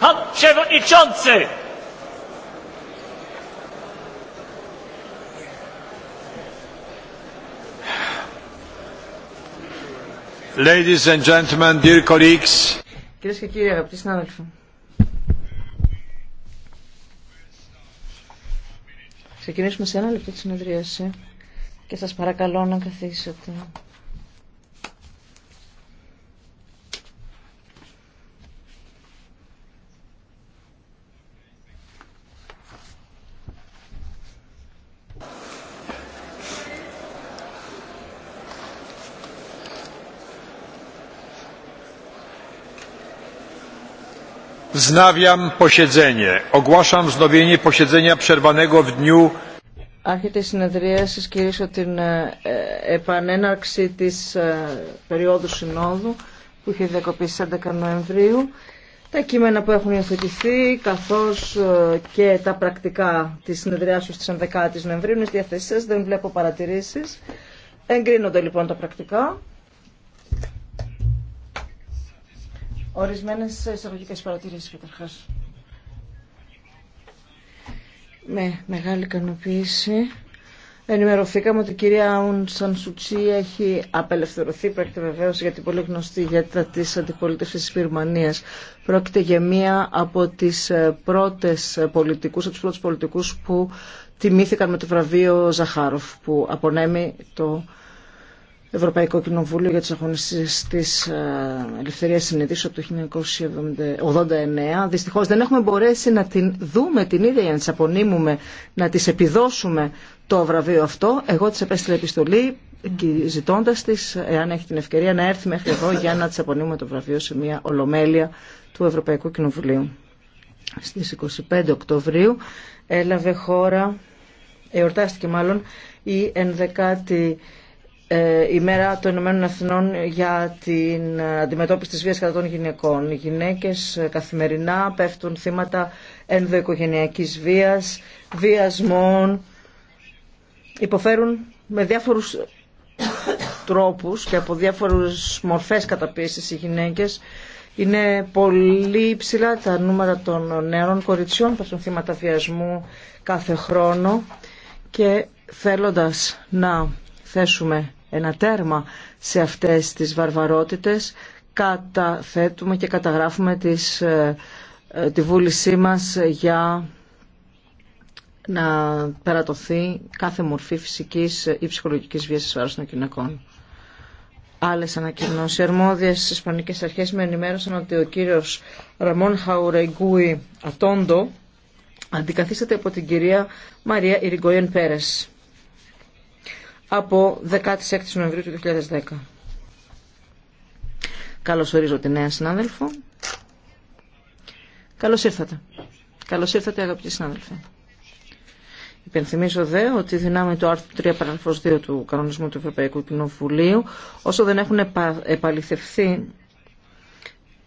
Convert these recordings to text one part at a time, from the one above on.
Pan Przewodniczący! Ladies and gentlemen, dear colleagues. Κυρίες και κύριοι, αγαπητοί συνάδελφοι. Ξεκινήσουμε σε ένα λεπτό τη συνεδρίαση και σας παρακαλώ να καθίσετε. Wznawiam posiedzenie. Ogłaszam wznowienie posiedzenia przerwanego w dniu. Άρχεται η συνεδρία σας κηρύσω την ε, επανέναρξη της ε, περίοδου συνόδου που είχε διακοπεί στις 11 Νοεμβρίου. Τα κείμενα που έχουν υιοθετηθεί καθώς ε, και τα πρακτικά της συνεδριάσεως της 11 Νοεμβρίου είναι στη σας. Δεν βλέπω παρατηρήσεις. Εγκρίνονται λοιπόν τα πρακτικά. Ορισμένες εισαγωγικές παρατηρήσεις καταρχάς. Με μεγάλη ικανοποίηση ενημερωθήκαμε ότι η κυρία Αουν Σανσουτσί έχει απελευθερωθεί. Πρόκειται βεβαίω για την πολύ γνωστή ηγέτητα τη αντιπολίτευση τη Πυρμανία. Πρόκειται για μία από τι πρώτε πολιτικού, από του πρώτου πολιτικού που τιμήθηκαν με το βραβείο Ζαχάροφ, που απονέμει το Ευρωπαϊκό Κοινοβούλιο για τις αγωνιστές της ε, ελευθερίας Συνεδρίου από το 1989. Δυστυχώς δεν έχουμε μπορέσει να την δούμε την ίδια για να τι απονείμουμε, να τις επιδώσουμε το βραβείο αυτό. Εγώ της επέστειλα επιστολή ζητώντας της, εάν έχει την ευκαιρία, να έρθει μέχρι εδώ για να της απονείμουμε το βραβείο σε μια ολομέλεια του Ευρωπαϊκού Κοινοβουλίου. Στις 25 Οκτωβρίου έλαβε χώρα, εορτάστηκε μάλλον, η 11η ε, η μέρα των Ηνωμένων Εθνών για την αντιμετώπιση της βίας κατά των γυναικών. Οι γυναίκες καθημερινά πέφτουν θύματα ενδοοικογενειακής βίας, βιασμών, υποφέρουν με διάφορους τρόπους και από διάφορους μορφές καταπίεσης οι γυναίκες. Είναι πολύ υψηλά τα νούμερα των νέων κοριτσιών που θύματα βιασμού κάθε χρόνο και θέλοντας να θέσουμε ένα τέρμα σε αυτές τις βαρβαρότητες, καταθέτουμε και καταγράφουμε τις, ε, ε, τη βούλησή μας για να περατωθεί κάθε μορφή φυσικής ή ψυχολογικής βίας της βάρος των γυναικών. Άλλε ανακοινώσει. Οι αρμόδιε Ισπανικέ Αρχέ με ενημέρωσαν ότι ο κύριο Ραμόν Χαουρεγκούι Ατόντο αντικαθίσταται από την κυρία Μαρία Ιριγκοϊέν Πέρες από 16 Νοεμβρίου του 2010. Καλώς ορίζω τη νέα συνάδελφο. Καλώς ήρθατε. Καλώς ήρθατε αγαπητοί συνάδελφοι. Υπενθυμίζω δε ότι δυνάμει το άρθρο 3 παραγραφός 2 του κανονισμού του Ευρωπαϊκού Κοινοβουλίου όσο δεν έχουν επαληθευθεί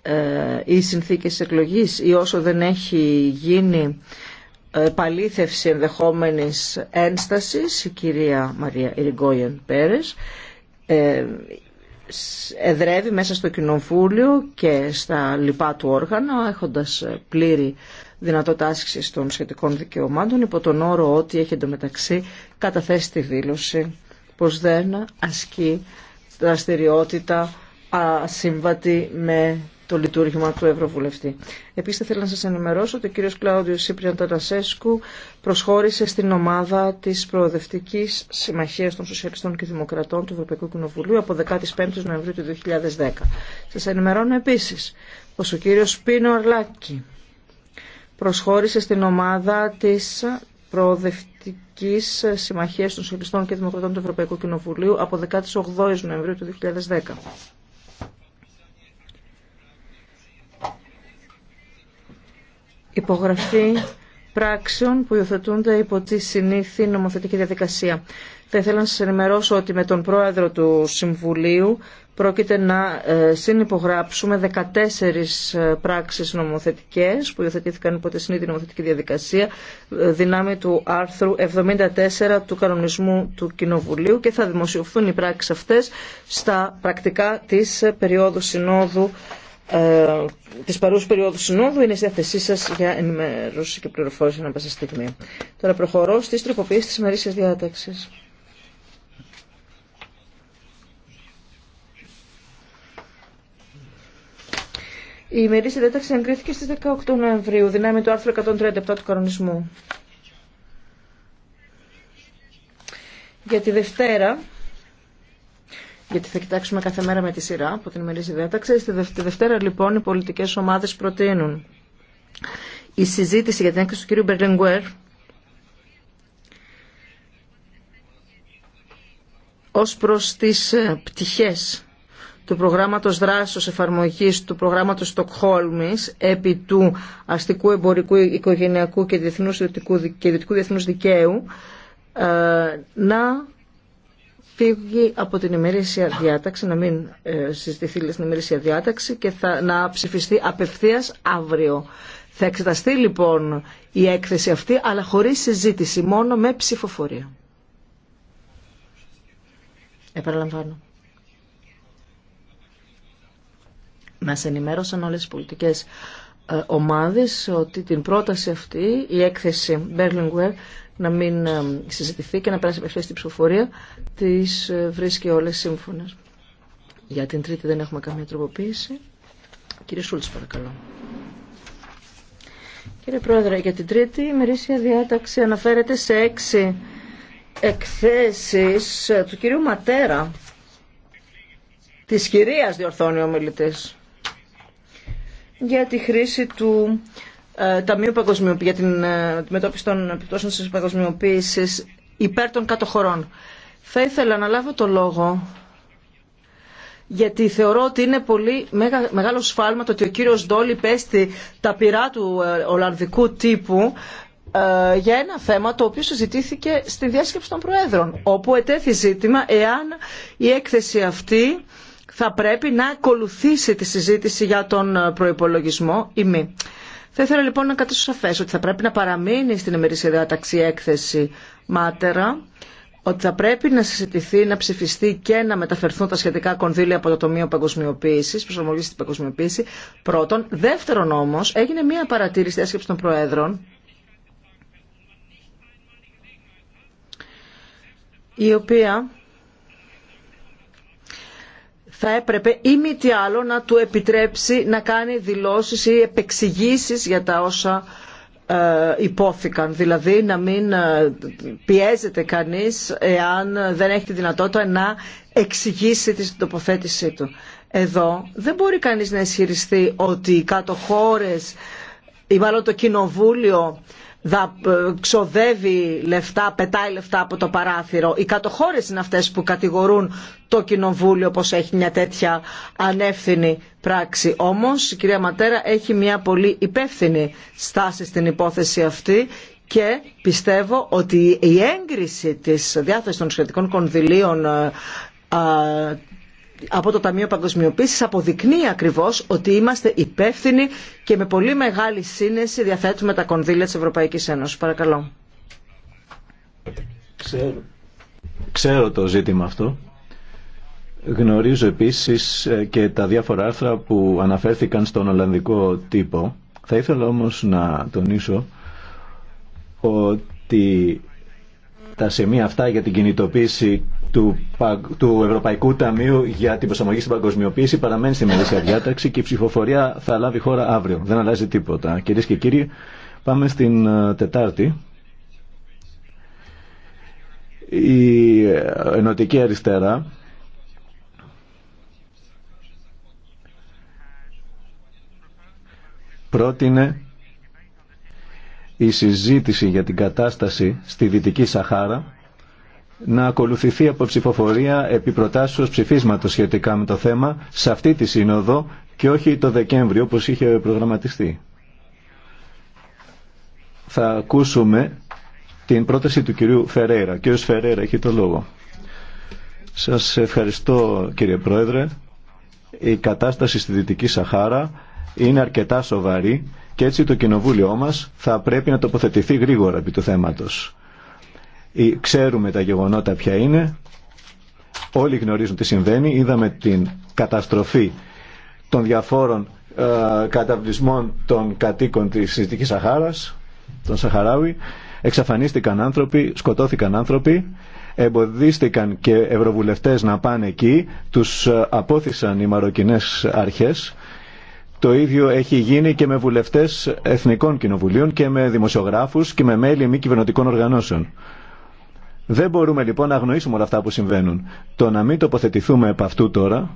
ε, οι συνθήκες εκλογής ή όσο δεν έχει γίνει επαλήθευση ενδεχόμενης ένστασης, η κυρία Μαρία Ιριγκόιεν Πέρες, ε, εδρεύει μέσα στο κοινοβούλιο και στα λοιπά του όργανα, έχοντας πλήρη δυνατότητα άσκηση των σχετικών δικαιωμάτων, υπό τον όρο ότι έχει εντωμεταξύ καταθέσει τη δήλωση πως δεν ασκεί δραστηριότητα ασύμβατη με το λειτουργήμα του Ευρωβουλευτή. Επίση, θέλω να σα ενημερώσω ότι ο κύριος Κλάουδιος Σύπριαν προσχώρησε στην ομάδα της προοδευτική Συμμαχίας των Σοσιαλιστών και Δημοκρατών του Ευρωπαϊκού Κοινοβουλίου από 15 Νοεμβρίου του 2010. Σα ενημερώνω επίσης πως ο κύριος Πίνο Αρλάκη προσχώρησε στην ομάδα της προοδευτική Συμμαχίας των Σοσιαλιστών και Δημοκρατών του Ευρωπαϊκού Κοινοβουλίου από 18 Νοεμβρίου του 2010. υπογραφή πράξεων που υιοθετούνται υπό τη συνήθη νομοθετική διαδικασία. Θα ήθελα να σας ενημερώσω ότι με τον πρόεδρο του Συμβουλίου πρόκειται να ε, συνυπογράψουμε 14 ε, πράξεις νομοθετικές που υιοθετήθηκαν υπό τη συνήθη νομοθετική διαδικασία ε, δυνάμει του άρθρου 74 του κανονισμού του Κοινοβουλίου και θα δημοσιευθούν οι πράξεις αυτές στα πρακτικά της περίοδου συνόδου ε, της παρούς περίοδου συνόδου είναι στη διάθεσή σας για ενημέρωση και πληροφόρηση ανά πάσα στιγμή. Τώρα προχωρώ στις τροποποιήσεις της ημερήσιας διάταξης. Η ημερήσια διάταξη εγκρίθηκε στις 18 Νοεμβρίου, δυνάμει το άρθρο 137 του κανονισμού. Για τη Δευτέρα, γιατί θα κοιτάξουμε κάθε μέρα με τη σειρά από την ημερήσια διάταξη. Στη Δευτέρα λοιπόν οι πολιτικές ομάδες προτείνουν η συζήτηση για την έκθεση του κ. Μπερλενγκουέρ ως προς τις ε, πτυχές του προγράμματος δράσεως εφαρμογής του προγράμματος Στοκχόλμης επί του αστικού εμπορικού οικογενειακού και διεθνούς και δικαίου ε, να φύγει από την ημερήσια διάταξη, να μην ε, συζητηθεί στην ημερήσια διάταξη και θα, να ψηφιστεί απευθείας αύριο. Θα εξεταστεί λοιπόν η έκθεση αυτή, αλλά χωρίς συζήτηση, μόνο με ψηφοφορία. Επαναλαμβάνω. Μας ενημέρωσαν όλες τις πολιτικές ε, ομάδες ότι την πρόταση αυτή, η έκθεση Berlinguer, να μην ε, συζητηθεί και να περάσει απευθεία ψηφοφορία, τις ε, βρίσκει όλες σύμφωνες. Για την τρίτη δεν έχουμε καμία τροποποίηση. Κύριε Σούλτς, παρακαλώ. Κύριε Πρόεδρε, για την τρίτη η μερίσια διάταξη αναφέρεται σε έξι εκθέσεις του κυρίου Ματέρα, της κυρίας διορθώνει ο για τη χρήση του ε, Ταμείου Παγκοσμιοποίησης, για την ε, αντιμετώπιση των επιπτώσεων της παγκοσμιοποίησης υπέρ των κατοχωρών. Θα ήθελα να λάβω το λόγο γιατί θεωρώ ότι είναι πολύ μεγάλο σφάλμα το ότι ο κύριος Ντόλι πέστη τα πυρά του ε, Ολλανδικού τύπου ε, για ένα θέμα το οποίο συζητήθηκε στη διάσκεψη των Προέδρων, όπου ετέθη ζήτημα εάν η έκθεση αυτή θα πρέπει να ακολουθήσει τη συζήτηση για τον προπολογισμό ή μη. Θα ήθελα λοιπόν να κατήσω σαφέ ότι θα πρέπει να παραμείνει στην ημερήσια διάταξη έκθεση μάτερα ότι θα πρέπει να συζητηθεί, να ψηφιστεί και να μεταφερθούν τα σχετικά κονδύλια από το Τομείο Παγκοσμιοποίηση, προσαρμογή στην παγκοσμιοποίηση. Πρώτον. Δεύτερον όμω, έγινε μία παρατήρηση στη των Προέδρων, η οποία θα έπρεπε ή μη τι άλλο να του επιτρέψει να κάνει δηλώσεις ή επεξηγήσεις για τα όσα ε, υπόθηκαν. Δηλαδή να μην ε, πιέζεται κανείς εάν δεν έχει τη δυνατότητα να εξηγήσει την τοποθέτησή του. Εδώ δεν μπορεί κανείς να ισχυριστεί ότι οι κάτω χώρες ή μάλλον το κοινοβούλιο δα, ε, ξοδεύει λεφτά, πετάει λεφτά από το παράθυρο. Οι κατοχώρες είναι αυτές που κατηγορούν το Κοινοβούλιο πως έχει μια τέτοια ανεύθυνη πράξη. Όμως η κυρία Ματέρα έχει μια πολύ υπεύθυνη στάση στην υπόθεση αυτή και πιστεύω ότι η έγκριση της διάθεσης των σχετικών κονδυλίων ε, από το Ταμείο Παγκοσμιοποίησης αποδεικνύει ακριβώς ότι είμαστε υπεύθυνοι και με πολύ μεγάλη σύνεση διαθέτουμε τα κονδύλια της Ευρωπαϊκής Ένωσης. Παρακαλώ. Ξέρω. Ξέρω το ζήτημα αυτό. Γνωρίζω επίσης ε, και τα διάφορα άρθρα που αναφέρθηκαν στον Ολλανδικό τύπο. Θα ήθελα όμως να τονίσω ότι τα σημεία αυτά για την κινητοποίηση του, Ευρωπαϊκού Ταμείου για την προσαρμογή στην παγκοσμιοποίηση παραμένει στη μερίσια διάταξη και η ψηφοφορία θα λάβει χώρα αύριο. Δεν αλλάζει τίποτα. Κυρίε και κύριοι, πάμε στην ε, Τετάρτη. Η ε, Ενωτική Αριστερά πρότεινε η συζήτηση για την κατάσταση στη Δυτική Σαχάρα να ακολουθηθεί από ψηφοφορία επί προτάσεως ψηφίσματος σχετικά με το θέμα σε αυτή τη σύνοδο και όχι το Δεκέμβριο όπως είχε προγραμματιστεί. Θα ακούσουμε την πρόταση του κυρίου Φερέρα. Κύριος Φερέρα έχει το λόγο. Σας ευχαριστώ κύριε Πρόεδρε. Η κατάσταση στη Δυτική Σαχάρα είναι αρκετά σοβαρή και έτσι το Κοινοβούλιο μας θα πρέπει να τοποθετηθεί γρήγορα επί του θέματος. Ξέρουμε τα γεγονότα ποια είναι. Όλοι γνωρίζουν τι συμβαίνει. Είδαμε την καταστροφή των διαφόρων ε, καταβλισμών των κατοίκων της συστικής Σαχάρας, των Σαχαράουι. Εξαφανίστηκαν άνθρωποι, σκοτώθηκαν άνθρωποι, εμποδίστηκαν και ευρωβουλευτές να πάνε εκεί, τους ε, απόθυσαν οι μαροκινές αρχές. Το ίδιο έχει γίνει και με βουλευτές εθνικών κοινοβουλίων και με δημοσιογράφους και με μέλη μη κυβερνητικών οργανώσεων. Δεν μπορούμε λοιπόν να αγνοήσουμε όλα αυτά που συμβαίνουν. Το να μην τοποθετηθούμε επ' αυτού τώρα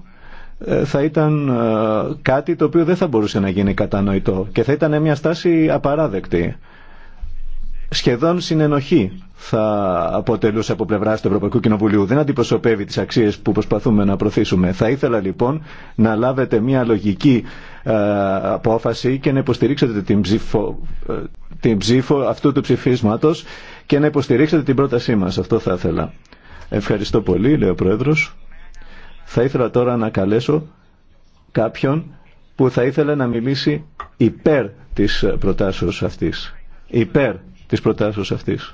ε, θα ήταν ε, κάτι το οποίο δεν θα μπορούσε να γίνει κατανοητό και θα ήταν μια στάση απαράδεκτη. Σχεδόν συνενοχή θα αποτελούσε από πλευρά του Ευρωπαϊκού Κοινοβουλίου. Δεν αντιπροσωπεύει τι αξίε που προσπαθούμε να προωθήσουμε. Θα ήθελα λοιπόν να λάβετε μια λογική ε, απόφαση και να υποστηρίξετε την ψήφο, την ψήφο αυτού του ψηφίσματος και να υποστηρίξετε την πρότασή μας. Αυτό θα ήθελα. Ευχαριστώ πολύ, λέει ο Πρόεδρος. Θα ήθελα τώρα να καλέσω κάποιον που θα ήθελε να μιλήσει υπέρ της προτάσεως αυτής. Υπέρ της προτάσεως αυτής.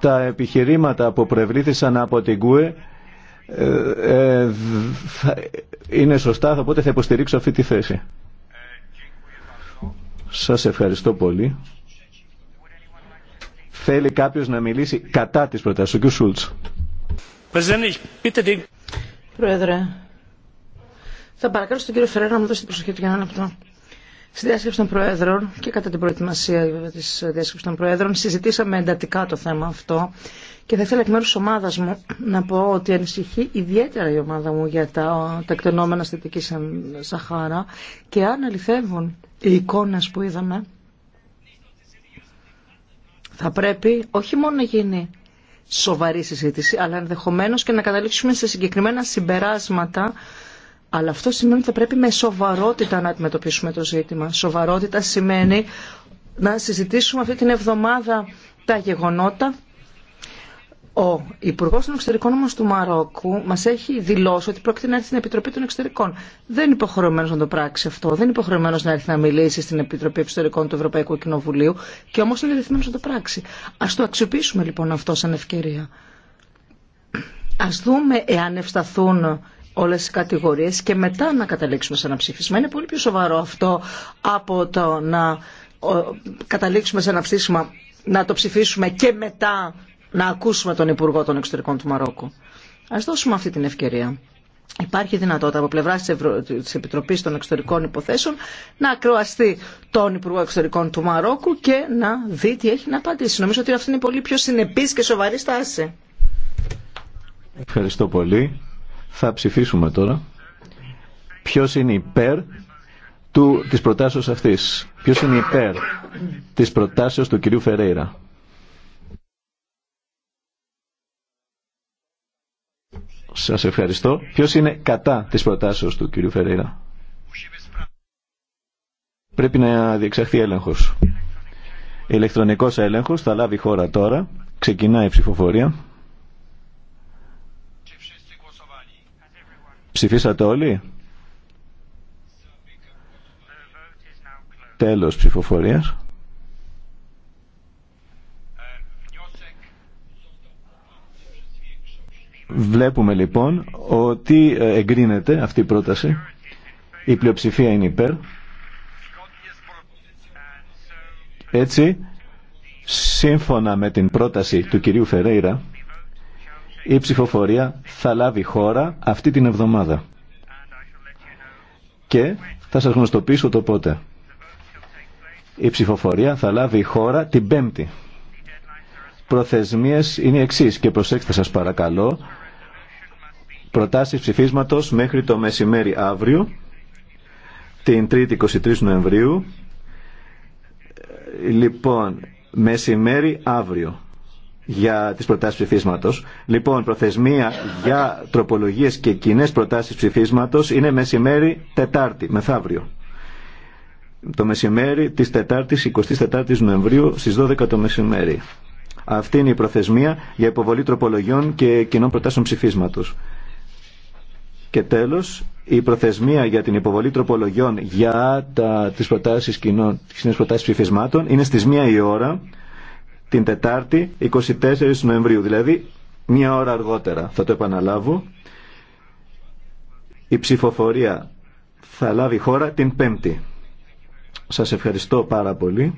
Τα επιχειρήματα που προευλήθησαν από την ΚΟΕ ε, ε, είναι σωστά, οπότε θα υποστηρίξω αυτή τη θέση. Σας ευχαριστώ πολύ. Θέλει κάποιος να μιλήσει κατά της προτάσεις, ο κ. Σούλτς. Πρόεδρε, θα παρακαλώ τον κύριο Φερέρα να μου δώσει την προσοχή του για ένα λεπτό. Στη διάσκεψη των Προέδρων και κατά την προετοιμασία τη διάσκεψη των Προέδρων συζητήσαμε εντατικά το θέμα αυτό και θα ήθελα εκ μέρου τη ομάδα μου να πω ότι ανησυχεί ιδιαίτερα η ομάδα μου για τα εκτενόμενα στη Δυτική Σαχάρα και αν αληθεύουν εικόνα που είδαμε θα πρέπει όχι μόνο να γίνει σοβαρή συζήτηση αλλά ενδεχομένως και να καταλήξουμε σε συγκεκριμένα συμπεράσματα αλλά αυτό σημαίνει ότι θα πρέπει με σοβαρότητα να αντιμετωπίσουμε το ζήτημα. Σοβαρότητα σημαίνει να συζητήσουμε αυτή την εβδομάδα τα γεγονότα ο Υπουργό των Εξωτερικών όμω του Μαρόκου μα έχει δηλώσει ότι πρόκειται να έρθει στην Επιτροπή των Εξωτερικών. Δεν είναι υποχρεωμένο να το πράξει αυτό. Δεν είναι υποχρεωμένο να έρθει να μιλήσει στην Επιτροπή Εξωτερικών του Ευρωπαϊκού Κοινοβουλίου και όμω είναι διεθυμένο να το πράξει. Α το αξιοποιήσουμε λοιπόν αυτό σαν ευκαιρία. Α δούμε εάν ευσταθούν όλε τι κατηγορίε και μετά να καταλήξουμε σε ένα ψήφισμα. Είναι πολύ πιο σοβαρό αυτό από το να καταλήξουμε σε ένα ψήφισμα, να το ψηφίσουμε και μετά να ακούσουμε τον Υπουργό των Εξωτερικών του Μαρόκου. Ας δώσουμε αυτή την ευκαιρία. Υπάρχει δυνατότητα από πλευρά τη Επιτροπή των Εξωτερικών Υποθέσεων να ακροαστεί τον Υπουργό Εξωτερικών του Μαρόκου και να δει τι έχει να απαντήσει. Νομίζω ότι αυτή είναι πολύ πιο συνεπή και σοβαρή στάση. Ευχαριστώ πολύ. Θα ψηφίσουμε τώρα. Ποιο είναι υπέρ του... τη προτάσεω αυτή. Ποιο είναι υπέρ της προτάσεως του κυρίου Φερέιρα. Σας ευχαριστώ. Ποιος είναι κατά της προτάσεως του κυρίου Φερέιρα. Πρέπει να διεξαχθεί έλεγχος. Ηλεκτρονικός έλεγχος θα λάβει χώρα τώρα. Ξεκινάει η ψηφοφορία. Ψηφίσατε όλοι. Τέλος ψηφοφορίας. Βλέπουμε λοιπόν ότι ε, εγκρίνεται αυτή η πρόταση. Η πλειοψηφία είναι υπέρ. Έτσι, σύμφωνα με την πρόταση του κυρίου Φερέιρα, η ψηφοφορία θα λάβει χώρα αυτή την εβδομάδα. Και θα σας γνωστοποιήσω το πότε. Η ψηφοφορία θα λάβει χώρα την Πέμπτη προθεσμίες είναι εξή και προσέξτε σας παρακαλώ. Προτάσεις ψηφίσματος μέχρι το μεσημέρι αύριο, την 3η 23 Νοεμβρίου. Λοιπόν, μεσημέρι αύριο για τις προτάσεις ψηφίσματος. Λοιπόν, προθεσμία για τροπολογίες και κοινέ προτάσεις ψηφίσματος είναι μεσημέρι Τετάρτη, μεθαύριο. Το μεσημέρι της Τετάρτης, 24 Νοεμβρίου στις 12 το μεσημέρι. Αυτή είναι η προθεσμία για υποβολή τροπολογιών και κοινών προτάσεων ψηφίσματος. Και τέλος, η προθεσμία για την υποβολή τροπολογιών για τι τις προτάσεις ψηφισμάτων είναι στις 1 η ώρα την Τετάρτη 24 Νοεμβρίου, δηλαδή μία ώρα αργότερα. Θα το επαναλάβω. Η ψηφοφορία θα λάβει χώρα την Πέμπτη. Σας ευχαριστώ πάρα πολύ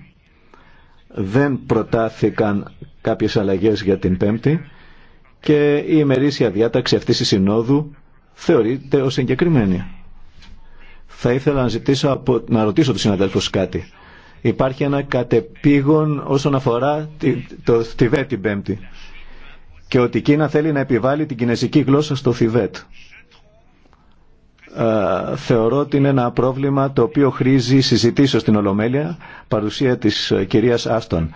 δεν προτάθηκαν κάποιες αλλαγές για την Πέμπτη και η ημερήσια διάταξη αυτής της Συνόδου θεωρείται ως εγκεκριμένη. Θα ήθελα να, ζητήσω από, να ρωτήσω τους συναδέλφους κάτι. Υπάρχει ένα κατεπήγον όσον αφορά τη, το Θιβέτ την Πέμπτη και ότι η Κίνα θέλει να επιβάλλει την κινέζικη γλώσσα στο Θιβέτ. Ε, θεωρώ ότι είναι ένα πρόβλημα το οποίο χρήζει συζητήσεως στην Ολομέλεια, παρουσία της κυρίας Άστον.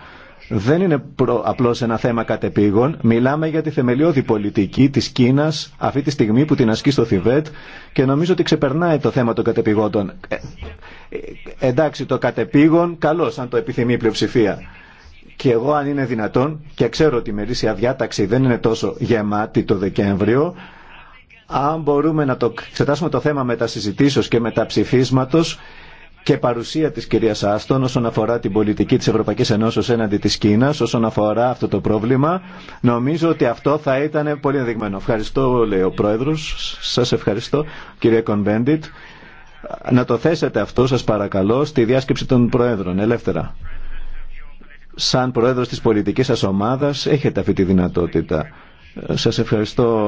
Δεν είναι απλώς ένα θέμα κατεπήγων. Μιλάμε για τη θεμελιώδη πολιτική της Κίνας αυτή τη στιγμή που την ασκεί στο Θιβέτ και νομίζω ότι ξεπερνάει το θέμα των κατεπηγόντων. Ε, ε, εντάξει, το κατεπήγων καλώς αν το επιθυμεί η πλειοψηφία. Και εγώ αν είναι δυνατόν και ξέρω ότι η μερίσια διάταξη δεν είναι τόσο γεμάτη το Δεκέμβριο αν μπορούμε να το εξετάσουμε το θέμα μετασυζητήσεως και μεταψηφίσματος και παρουσία της κυρίας Άστον όσον αφορά την πολιτική της Ευρωπαϊκής Ενώσεως έναντι της Κίνας, όσον αφορά αυτό το πρόβλημα, νομίζω ότι αυτό θα ήταν πολύ ενδειγμένο. Ευχαριστώ, λέει ο Πρόεδρος. Σας ευχαριστώ, κύριε Κονβέντιτ. Να το θέσετε αυτό, σας παρακαλώ, στη διάσκεψη των Προέδρων, ελεύθερα. Σαν Πρόεδρος της πολιτικής σας ομάδας έχετε αυτή τη δυνατότητα. Σας ευχαριστώ.